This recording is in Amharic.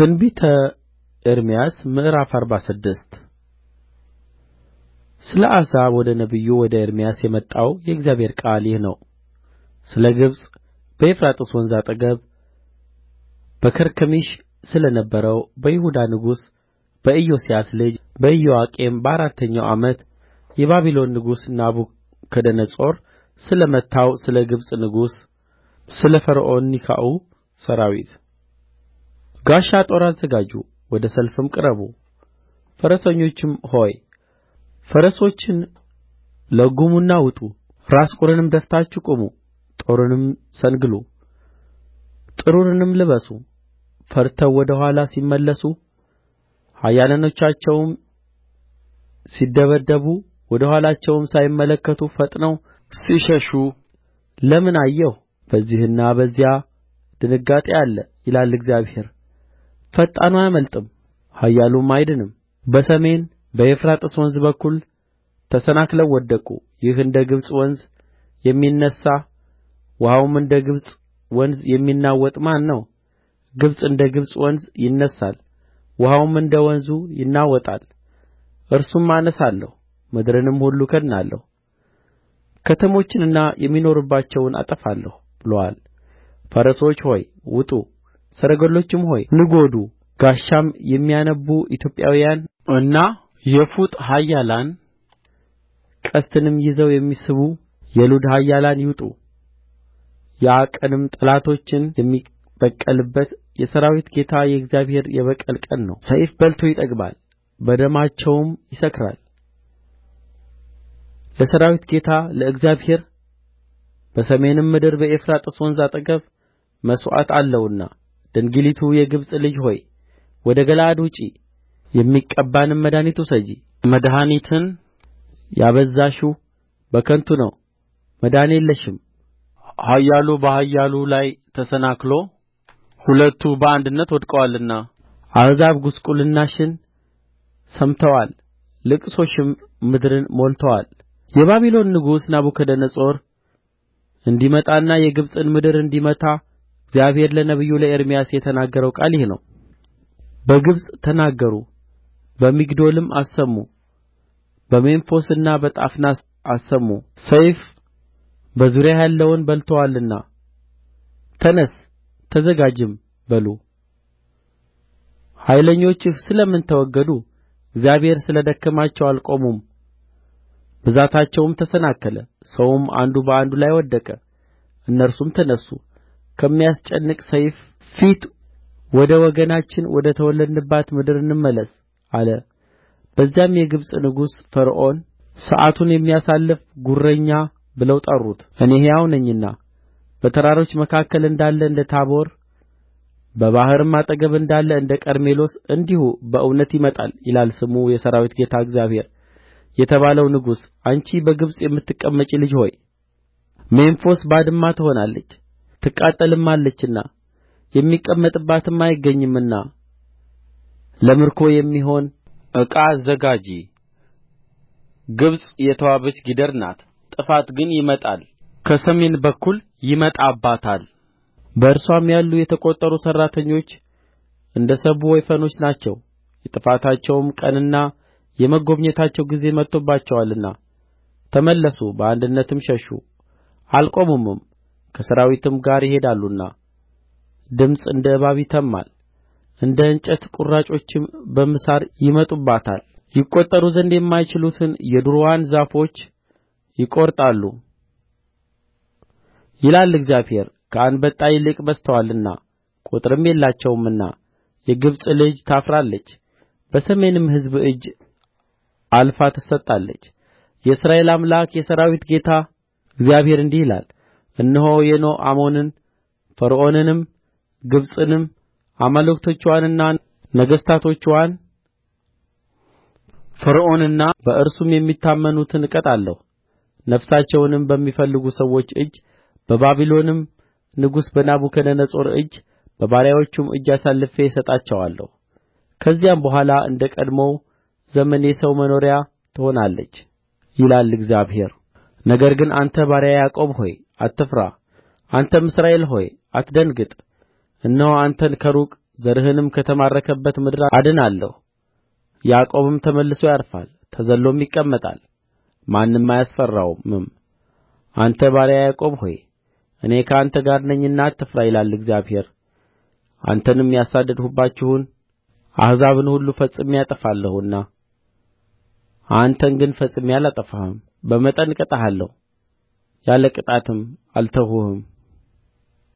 ትንቢተ ኤርምያስ ምዕራፍ አርባ ስድስት ስለ አሕዛብ ወደ ነቢዩ ወደ ኤርምያስ የመጣው የእግዚአብሔር ቃል ይህ ነው ስለ ግብጽ በኤፍራጥስ ወንዝ አጠገብ በከርከሚሽ ስለ ነበረው በይሁዳ ንጉሥ በኢዮስያስ ልጅ በኢዮአቄም በአራተኛው ዓመት የባቢሎን ንጉሥ ናቡከደነፆር ስለ መታው ስለ ግብጽ ንጉሥ ስለ ፈርዖን ኒካዑ ሠራዊት ጋሻ ጦር አዘጋጁ ወደ ሰልፍም ቅረቡ ፈረሰኞችም ሆይ ፈረሶችን ለግሙና ውጡ ራስ ቍርንም ደፍታችሁ ቁሙ ጦርንም ሰንግሉ ጥሩርንም ልበሱ ፈርተው ወደ ኋላ ሲመለሱ ኃያላኖቻቸውም ሲደበደቡ ወደ ኋላቸውም ሳይመለከቱ ፈጥነው ሲሸሹ ለምን አየሁ? በዚህና በዚያ ድንጋጤ አለ ይላል እግዚአብሔር። ፈጣኑ አያመልጥም ኃያሉም አይድንም በሰሜን በኤፍራጥስ ወንዝ በኩል ተሰናክለው ወደቁ ይህ እንደ ግብጽ ወንዝ የሚነሣ ውኃውም እንደ ግብጽ ወንዝ የሚናወጥ ማን ነው ግብጽ እንደ ግብጽ ወንዝ ይነሣል ውኃውም እንደ ወንዙ ይናወጣል እርሱም አነሣለሁ ምድርንም ሁሉ እከድናለሁ ከተሞችንና የሚኖሩባቸውን አጠፋለሁ ብሎአል ፈረሶች ሆይ ውጡ ሰረገሎችም ሆይ ንጐዱ ጋሻም ኢትዮጵያውያን ኢትዮጵያውያንና የፉጥ ኃያላን ቀስትንም ይዘው የሚስቡ የሉድ ኃያላን ይውጡ የአቀንም ጠላቶችን የሚበቀልበት የሠራዊት ጌታ የእግዚአብሔር የበቀል ቀን ነው ሰይፍ በልቶ ይጠግባል በደማቸውም ይሰክራል ለሠራዊት ጌታ ለእግዚአብሔር በሰሜን ምድር በኤፍራጥስ ወንዝ አጠገብ መሥዋዕት አለውና ድንግሊቱ የግብጽ ልጅ ሆይ ወደ ገለዓድ ውጪ የሚቀባንም መድኃኒት ውሰጂ መድኃኒትን ያበዛሽው በከንቱ ነው መዳን የለሽም ኃያሉ በኃያሉ ላይ ተሰናክሎ ሁለቱ በአንድነት ወድቀዋልና አሕዛብ ጕስቍልናሽን ሰምተዋል ልቅሶሽም ምድርን ሞልተዋል። የባቢሎን ንጉሥ ናቡከደነፆር እንዲመጣና የግብጽን ምድር እንዲመታ እግዚአብሔር ለነቢዩ ለኤርምያስ የተናገረው ቃል ይህ ነው በግብጽ ተናገሩ በሚግዶልም አሰሙ በሜምፎስና በጣፍናስ አሰሙ ሰይፍ በዙሪያህ ያለውን በልቶአልና ተነሥ ተዘጋጅም በሉ ኃይለኞችህ ስለ ምን ተወገዱ እግዚአብሔር ስለ ደከማቸው አልቆሙም ብዛታቸውም ተሰናከለ ሰውም አንዱ በአንዱ ላይ ወደቀ እነርሱም ተነሡ ከሚያስጨንቅ ሰይፍ ፊት ወደ ወገናችን ወደ ተወለድንባት ምድር እንመለስ አለ በዚያም የግብጽ ንጉሥ ፈርዖን ሰዓቱን የሚያሳልፍ ጉረኛ ብለው ጠሩት እኔ ሕያው ነኝና በተራሮች መካከል እንዳለ እንደ ታቦር በባሕርም አጠገብ እንዳለ እንደ ቀርሜሎስ እንዲሁ በእውነት ይመጣል ይላል ስሙ የሠራዊት ጌታ እግዚአብሔር የተባለው ንጉሥ አንቺ በግብጽ የምትቀመጪ ልጅ ሆይ ሜምፎስ ባድማ ትሆናለች ትቃጠልማለችና የሚቀመጥባትም አይገኝምና ለምርኮ የሚሆን ዕቃ አዘጋጂ ግብጽ የተዋበች ጊደር ናት ጥፋት ግን ይመጣል ከሰሜን በኩል ይመጣባታል በእርስዋም ያሉ የተቈጠሩ ሠራተኞች እንደ ሰቡ ወይፈኖች ናቸው የጥፋታቸውም ቀንና የመጐብኘታቸው ጊዜ መጥቶባቸዋልና ተመለሱ በአንድነትም ሸሹ አልቆሙምም ከሠራዊትም ጋር ይሄዳሉና ድምፅ እንደ እባብ ይተምማል እንደ እንጨት ቁራጮችም በምሳር ይመጡባታል ይቈጠሩ ዘንድ የማይችሉትን የዱርዋን ዛፎች ይቈርጣሉ ይላል እግዚአብሔር ከአንበጣ ይልቅ በዝተዋልና ቍጥርም የላቸውምና የግብጽ ልጅ ታፍራለች በሰሜንም ሕዝብ እጅ አልፋ ትሰጣለች የእስራኤል አምላክ የሠራዊት ጌታ እግዚአብሔር እንዲህ ይላል እነሆ አሞንን ፈርዖንንም ግብጽንም አማልክቶችዋንና ነገሥታቶችዋን ፈርዖንና በእርሱም የሚታመኑትን እቀጣለሁ ነፍሳቸውንም በሚፈልጉ ሰዎች እጅ በባቢሎንም ንጉሥ በናቡከደነፆር እጅ በባሪያዎቹም እጅ አሳልፌ እሰጣቸዋለሁ ከዚያም በኋላ እንደ ቀድሞው ዘመን የሰው መኖሪያ ትሆናለች ይላል እግዚአብሔር ነገር ግን አንተ ባሪያዬ ያዕቆብ ሆይ አትፍራ አንተም እስራኤል ሆይ አትደንግጥ እነሆ አንተን ከሩቅ ዘርህንም ከተማረከባት ምድር አድናለሁ ያዕቆብም ተመልሶ ያርፋል ተዘልሎም ይቀመጣል ማንም አያስፈራውምም አንተ ባሪያዬ ያዕቆብ ሆይ እኔ ከአንተ ጋር ነኝና አትፍራ ይላል እግዚአብሔር አንተንም ያሳደድሁባችሁን አሕዛብን ሁሉ ፈጽሜ አጠፋለሁና አንተን ግን ፈጽሜ አላጠፋህም በመጠን እቀጣሃለሁ ያለ ቅጣትም አልተውሁም